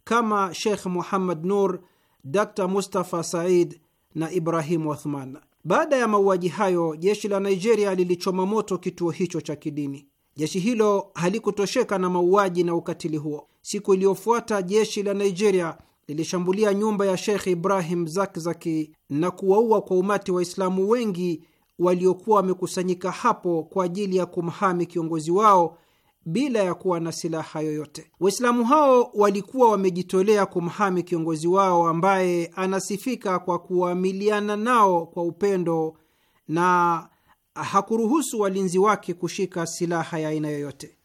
kama Sheikh Muhammad Nur, Dr Mustafa Said na Ibrahim Othman. Baada ya mauaji hayo, jeshi la Nigeria lilichoma moto kituo hicho cha kidini. Jeshi hilo halikutosheka na mauaji na ukatili huo. Siku iliyofuata jeshi la Nigeria lilishambulia nyumba ya Sheikh Ibrahim Zakzaki na kuwaua kwa umati Waislamu wengi waliokuwa wamekusanyika hapo kwa ajili ya kumhami kiongozi wao bila ya kuwa na silaha yoyote. Waislamu hao walikuwa wamejitolea kumhami kiongozi wao ambaye anasifika kwa kuamiliana nao kwa upendo na hakuruhusu walinzi wake kushika silaha ya aina yoyote.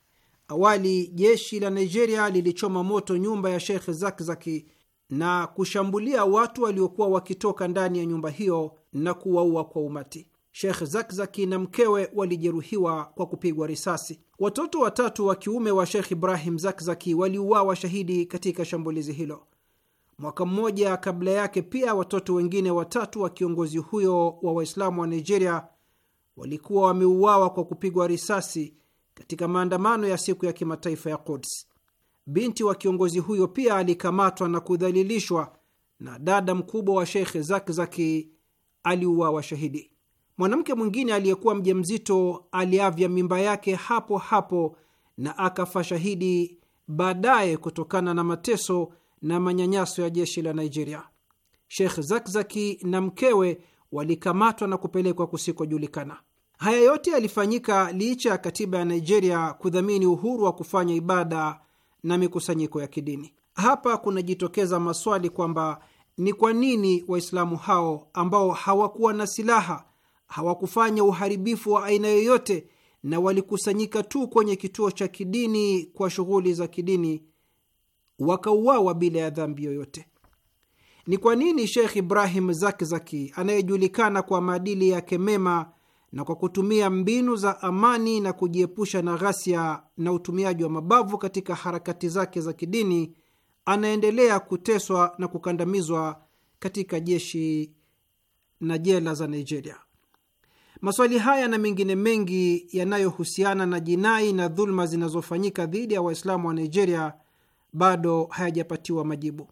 Awali jeshi la Nigeria lilichoma moto nyumba ya Sheikh Zakzaki na kushambulia watu waliokuwa wakitoka ndani ya nyumba hiyo na kuwaua kwa umati. Sheikh Zakzaki na mkewe walijeruhiwa kwa kupigwa risasi. Watoto watatu wa kiume wa Sheikh Ibrahim Zakzaki waliuawa shahidi katika shambulizi hilo. Mwaka mmoja kabla yake pia watoto wengine watatu wa kiongozi huyo wa Waislamu wa Nigeria walikuwa wameuawa kwa kupigwa risasi katika maandamano ya siku ya kimataifa ya Quds. Binti wa kiongozi huyo pia alikamatwa na kudhalilishwa, na dada mkubwa wa Sheikh Zakzaki aliuawa shahidi. Mwanamke mwingine aliyekuwa mjamzito aliavya mimba yake hapo hapo na akafa shahidi baadaye kutokana na mateso na manyanyaso ya jeshi la Nigeria. Sheikh Zakzaki na mkewe walikamatwa na kupelekwa kusikojulikana. Haya yote yalifanyika licha ya katiba ya Nigeria kudhamini uhuru wa kufanya ibada na mikusanyiko ya kidini. Hapa kunajitokeza maswali kwamba ni kwa nini Waislamu hao ambao hawakuwa na silaha, hawakufanya uharibifu wa aina yoyote na walikusanyika tu kwenye kituo cha kidini kwa shughuli za kidini, wakauawa bila ya dhambi yoyote? Ni kwa nini Sheikh Ibrahim Zakzaki anayejulikana kwa maadili yake mema na kwa kutumia mbinu za amani na kujiepusha na ghasia na utumiaji wa mabavu katika harakati zake za kidini, anaendelea kuteswa na kukandamizwa katika jeshi na jela za Nigeria. Maswali haya na mengine mengi yanayohusiana na jinai na dhuluma zinazofanyika dhidi ya Waislamu wa Nigeria bado hayajapatiwa majibu.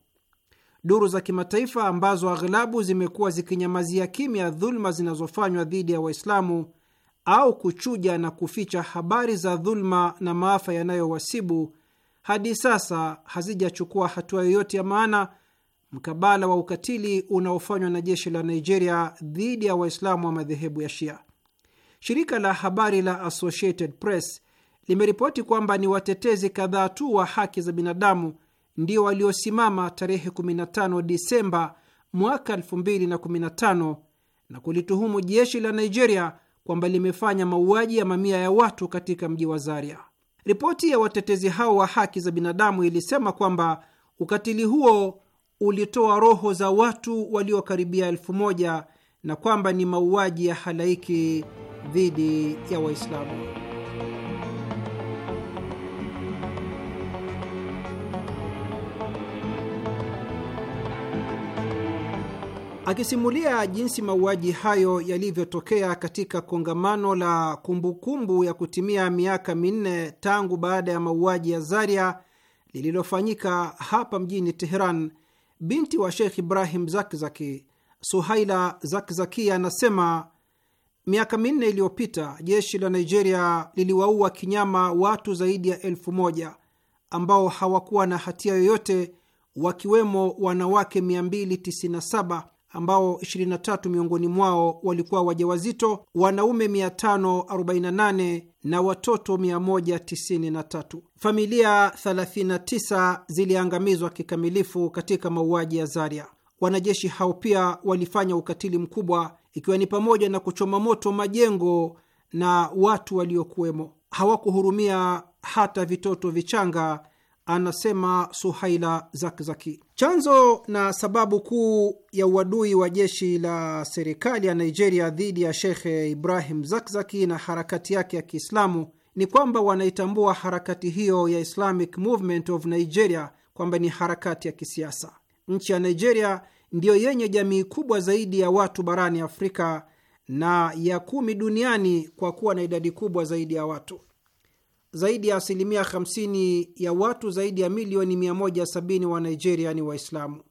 Duru za kimataifa ambazo aghlabu zimekuwa zikinyamazia kimya dhuluma zinazofanywa dhidi ya Waislamu au kuchuja na kuficha habari za dhuluma na maafa yanayowasibu hadi sasa hazijachukua hatua yoyote ya maana mkabala wa ukatili unaofanywa na jeshi la Nigeria dhidi ya Waislamu wa madhehebu ya Shia. Shirika la habari la Associated Press limeripoti kwamba ni watetezi kadhaa tu wa haki za binadamu ndio waliosimama tarehe 15 Disemba mwaka 2015 na kulituhumu jeshi la Nigeria kwamba limefanya mauaji ya mamia ya watu katika mji wa Zaria. Ripoti ya watetezi hao wa haki za binadamu ilisema kwamba ukatili huo ulitoa roho za watu waliokaribia elfu moja na kwamba ni mauaji ya halaiki dhidi ya Waislamu. Akisimulia jinsi mauaji hayo yalivyotokea katika kongamano la kumbukumbu kumbu ya kutimia miaka minne tangu baada ya mauaji ya Zaria lililofanyika hapa mjini Teheran, binti wa Sheikh Ibrahim Zakzaki, Suhaila Zakzaki, anasema miaka minne iliyopita jeshi la Nigeria liliwaua kinyama watu zaidi ya elfu moja ambao hawakuwa na hatia yoyote, wakiwemo wanawake 297 ambao 23 miongoni mwao walikuwa wajawazito, wanaume 548 na watoto 193. Familia 39 ziliangamizwa kikamilifu katika mauaji ya Zaria. Wanajeshi hao pia walifanya ukatili mkubwa, ikiwa ni pamoja na kuchoma moto majengo na watu waliokuwemo. Hawakuhurumia hata vitoto vichanga anasema Suhaila Zakzaki. Chanzo na sababu kuu ya uadui wa jeshi la serikali ya Nigeria dhidi ya Shekhe Ibrahim Zakzaki na harakati yake ya Kiislamu ni kwamba wanaitambua harakati hiyo ya Islamic Movement of Nigeria kwamba ni harakati ya kisiasa. Nchi ya Nigeria ndiyo yenye jamii kubwa zaidi ya watu barani Afrika na ya kumi duniani kwa kuwa na idadi kubwa zaidi ya watu zaidi ya asilimia 50 ya watu zaidi ya milioni 170 wa Nigeria ni Waislamu.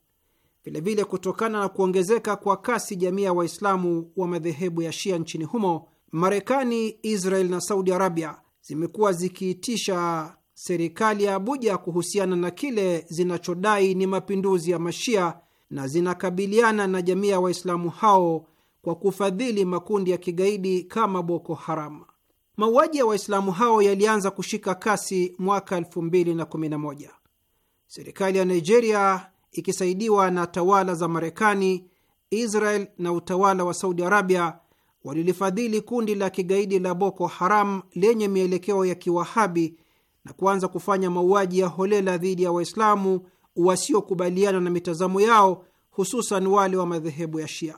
Vilevile, kutokana na kuongezeka kwa kasi jamii ya Waislamu wa madhehebu ya Shia nchini humo, Marekani, Israel na Saudi Arabia zimekuwa zikiitisha serikali ya Abuja kuhusiana na kile zinachodai ni mapinduzi ya Mashia na zinakabiliana na jamii ya Waislamu hao kwa kufadhili makundi ya kigaidi kama Boko Haram. Mauaji ya Waislamu hao yalianza kushika kasi mwaka 2011. Serikali ya Nigeria ikisaidiwa na tawala za Marekani, Israel na utawala wa Saudi Arabia walilifadhili kundi la kigaidi la Boko Haram lenye mielekeo ya kiwahabi na kuanza kufanya mauaji ya holela dhidi ya Waislamu wasiokubaliana na mitazamo yao, hususan wale wa madhehebu ya Shia.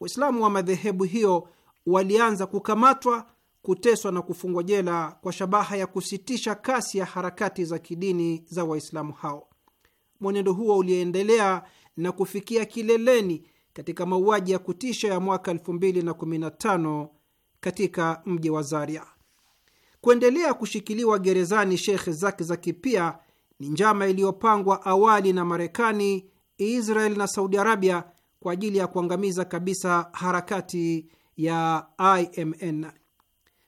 Waislamu wa madhehebu hiyo walianza kukamatwa kuteswa na kufungwa jela kwa shabaha ya kusitisha kasi ya harakati za kidini za Waislamu hao. Mwenendo huo uliendelea na kufikia kileleni katika mauaji ya kutisha ya mwaka 2015 katika mji wa Zaria. Kuendelea kushikiliwa gerezani Sheikh Zakzaki pia ni njama iliyopangwa awali na Marekani, Israel na Saudi Arabia kwa ajili ya kuangamiza kabisa harakati ya IMN.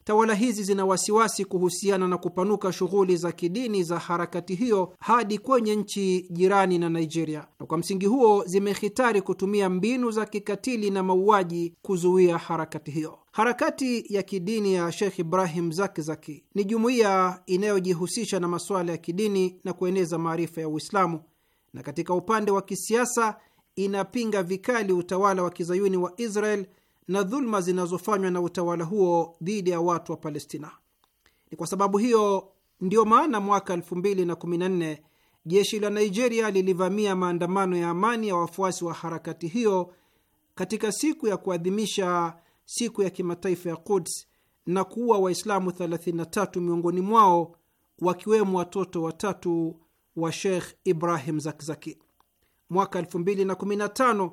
Tawala hizi zina wasiwasi kuhusiana na kupanuka shughuli za kidini za harakati hiyo hadi kwenye nchi jirani na Nigeria, na kwa msingi huo zimehitari kutumia mbinu za kikatili na mauaji kuzuia harakati hiyo. Harakati ya kidini ya Sheikh Ibrahim zakizaki ni jumuiya inayojihusisha na masuala ya kidini na kueneza maarifa ya Uislamu, na katika upande wa kisiasa inapinga vikali utawala wa kizayuni wa Israel na dhuluma zinazofanywa na utawala huo dhidi ya watu wa Palestina. Ni kwa sababu hiyo ndiyo maana mwaka 2014 jeshi la Nigeria lilivamia maandamano ya amani ya wafuasi wa harakati hiyo katika siku ya kuadhimisha siku ya kimataifa ya Quds na kuua Waislamu 33 miongoni mwao wakiwemo watoto watatu wa Sheikh Ibrahim Zakzaki. Mwaka 2015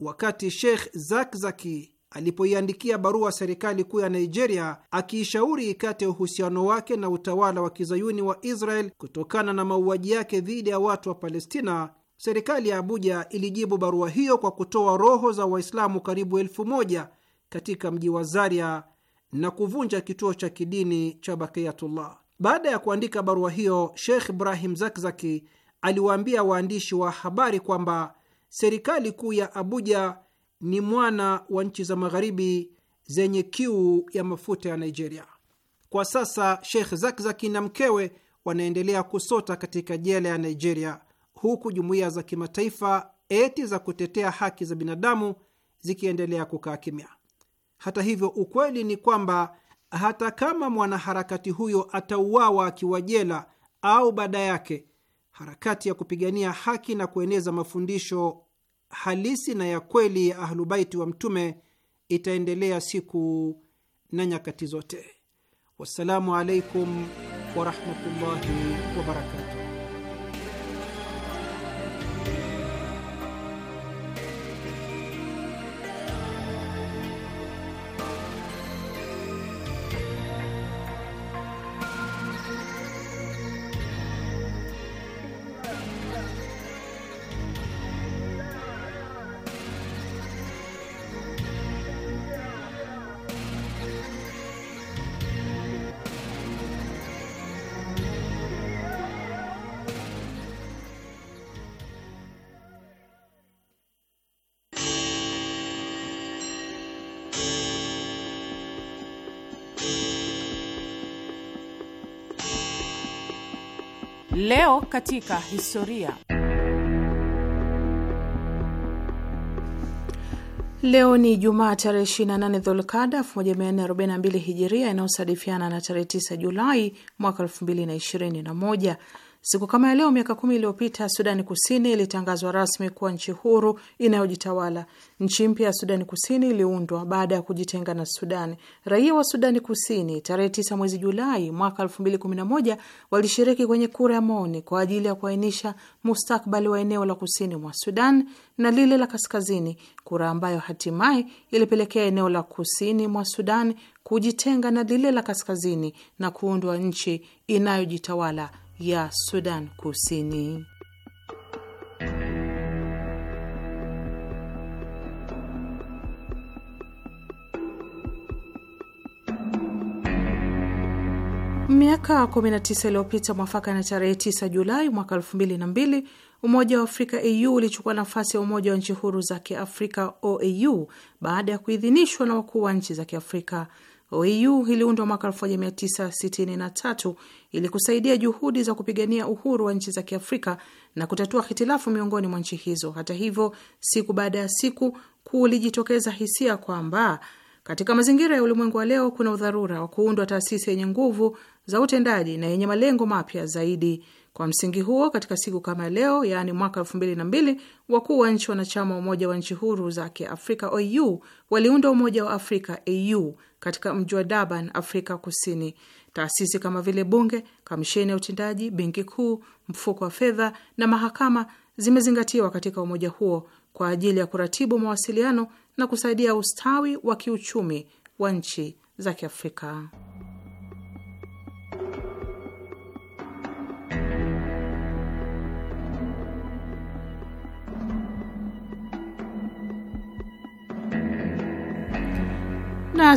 wakati Sheikh Zakzaki alipoiandikia barua serikali kuu ya Nigeria akiishauri ikate uhusiano wake na utawala wa kizayuni wa Israel kutokana na mauaji yake dhidi ya watu wa Palestina. Serikali ya Abuja ilijibu barua hiyo kwa kutoa roho za Waislamu karibu elfu moja katika mji wa Zaria na kuvunja kituo cha kidini cha Bakiyatullah. Baada ya kuandika barua hiyo, Sheikh Ibrahim Zakzaki aliwaambia waandishi wa habari kwamba serikali kuu ya Abuja ni mwana wa nchi za magharibi zenye kiu ya mafuta ya Nigeria. Kwa sasa Sheikh Zakzaki na mkewe wanaendelea kusota katika jela ya Nigeria, huku jumuiya za kimataifa eti za kutetea haki za binadamu zikiendelea kukaa kimya. Hata hivyo, ukweli ni kwamba hata kama mwanaharakati huyo atauawa akiwa jela au baada yake, harakati ya kupigania haki na kueneza mafundisho halisi na ya kweli ya Ahlubaiti wa Mtume itaendelea siku na nyakati zote. Wassalamu alaikum warahmatullahi wabarakatuh. Leo katika historia. Leo ni Jumaa tarehe 28 Dhulkada 1442 Hijiria, inayosadifiana na tarehe 9 Julai mwaka 2021. Siku kama ya leo miaka kumi iliyopita Sudani Kusini ilitangazwa rasmi kuwa nchi huru inayojitawala. Nchi mpya ya Sudani Kusini iliundwa baada ya kujitenga na Sudani. Raia wa Sudani Kusini tarehe 9 mwezi Julai mwaka moja walishiriki kwenye kura ya maoni kwa ajili ya kuainisha mustakbali wa eneo la kusini mwa Sudan na lile la kaskazini, kura ambayo hatimaye ilipelekea eneo la kusini mwa Sudan kujitenga na lile la kaskazini na kuundwa nchi inayojitawala ya Sudan Kusini. Miaka 19 iliyopita mwafaka na tarehe 9 Julai mwaka 2002 Umoja wa Afrika AU ulichukua nafasi ya Umoja wa Nchi Huru za Kiafrika OAU baada ya kuidhinishwa na wakuu wa nchi za Kiafrika. OEU iliundwa mwaka 1963 ili kusaidia juhudi za kupigania uhuru wa nchi za Kiafrika na kutatua hitilafu miongoni mwa nchi hizo. Hata hivyo, siku baada ya siku kulijitokeza hisia kwamba katika mazingira ya ulimwengu wa leo kuna udharura wa kuundwa taasisi yenye nguvu za utendaji na yenye malengo mapya zaidi. Kwa msingi huo, katika siku kama leo, yaani mwaka elfu mbili na mbili, wakuu wa nchi wanachama wa Umoja wa Nchi Huru za Kiafrika au waliunda Umoja wa Afrika au katika mji wa Durban, Afrika Kusini. Taasisi kama vile Bunge, Kamisheni ya Utendaji, Benki Kuu, Mfuko wa Fedha na mahakama zimezingatiwa katika umoja huo kwa ajili ya kuratibu mawasiliano na kusaidia ustawi wa kiuchumi wa nchi za Kiafrika.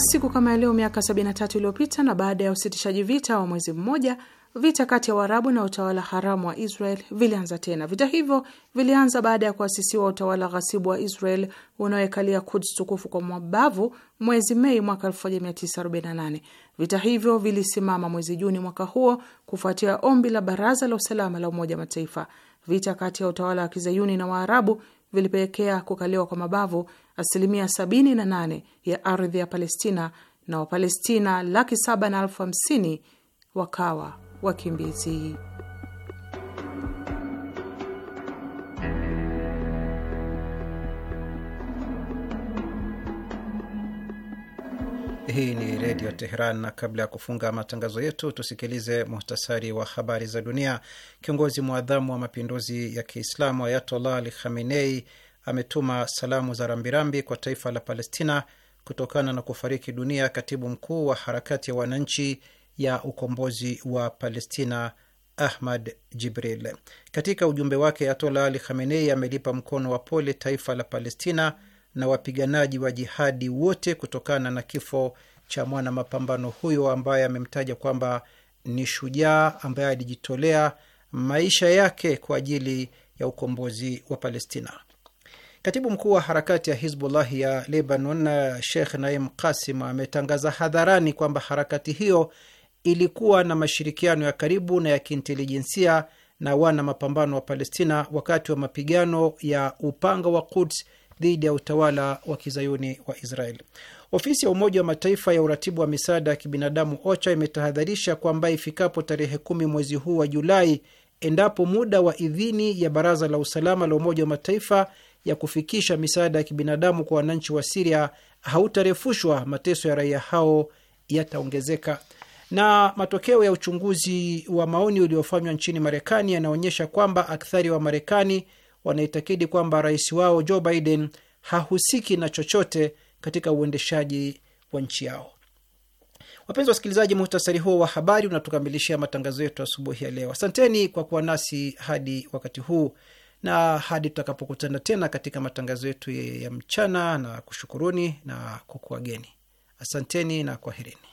siku kama leo miaka 73 iliyopita na baada ya usitishaji vita wa mwezi mmoja, vita kati ya Waarabu na utawala haramu wa Israel vilianza tena. Vita hivyo vilianza baada ya kuasisiwa utawala ghasibu wa Israel unaoekalia Kuds tukufu kwa mabavu mwezi Mei mwaka 1948. Vita hivyo vilisimama mwezi Juni mwaka huo kufuatia ombi la Baraza la Usalama la Umoja Mataifa. Vita kati ya utawala wa kizayuni na Waarabu vilipelekea kukaliwa kwa mabavu asilimia 78 ya ardhi ya Palestina na Wapalestina laki saba na elfu hamsini wakawa wakimbizi. Hii ni Redio Teheran, na kabla ya kufunga matangazo yetu tusikilize muhtasari wa habari za dunia. Kiongozi mwadhamu wa mapinduzi ya Kiislamu Ayatollah Ali Khamenei ametuma salamu za rambirambi kwa taifa la Palestina kutokana na kufariki dunia katibu mkuu wa harakati ya wananchi ya ukombozi wa Palestina Ahmad Jibril. Katika ujumbe wake, Ayatollah Ali Khamenei amelipa mkono wa pole taifa la Palestina na wapiganaji wa jihadi wote kutokana na kifo cha mwana mapambano huyo ambaye amemtaja kwamba ni shujaa ambaye alijitolea maisha yake kwa ajili ya ukombozi wa Palestina. Katibu mkuu wa harakati ya Hizbullahi ya Lebanon, Sheikh Naim Kasim, ametangaza hadharani kwamba harakati hiyo ilikuwa na mashirikiano ya karibu na ya kiintelijensia na wana mapambano wa Palestina wakati wa mapigano ya upanga wa Quds dhidi ya utawala wa kizayuni wa Israel. Ofisi ya Umoja wa Mataifa ya uratibu wa misaada ya kibinadamu OCHA imetahadharisha kwamba ifikapo tarehe kumi mwezi huu wa Julai, endapo muda wa idhini ya Baraza la Usalama la Umoja wa Mataifa ya kufikisha misaada ya kibinadamu kwa wananchi wa Siria hautarefushwa, mateso ya raia hao yataongezeka. Na matokeo ya uchunguzi wa maoni uliofanywa nchini Marekani yanaonyesha kwamba akthari wa Marekani wanaitakidi kwamba rais wao Joe Biden hahusiki na chochote katika uendeshaji wa nchi yao. Wapenzi wasikilizaji, muhtasari huo wa habari unatukamilishia matangazo yetu asubuhi ya leo. Asanteni kwa kuwa nasi hadi wakati huu na hadi tutakapokutana tena katika matangazo yetu ya mchana, na kushukuruni na kukuageni. Asanteni na kwaherini.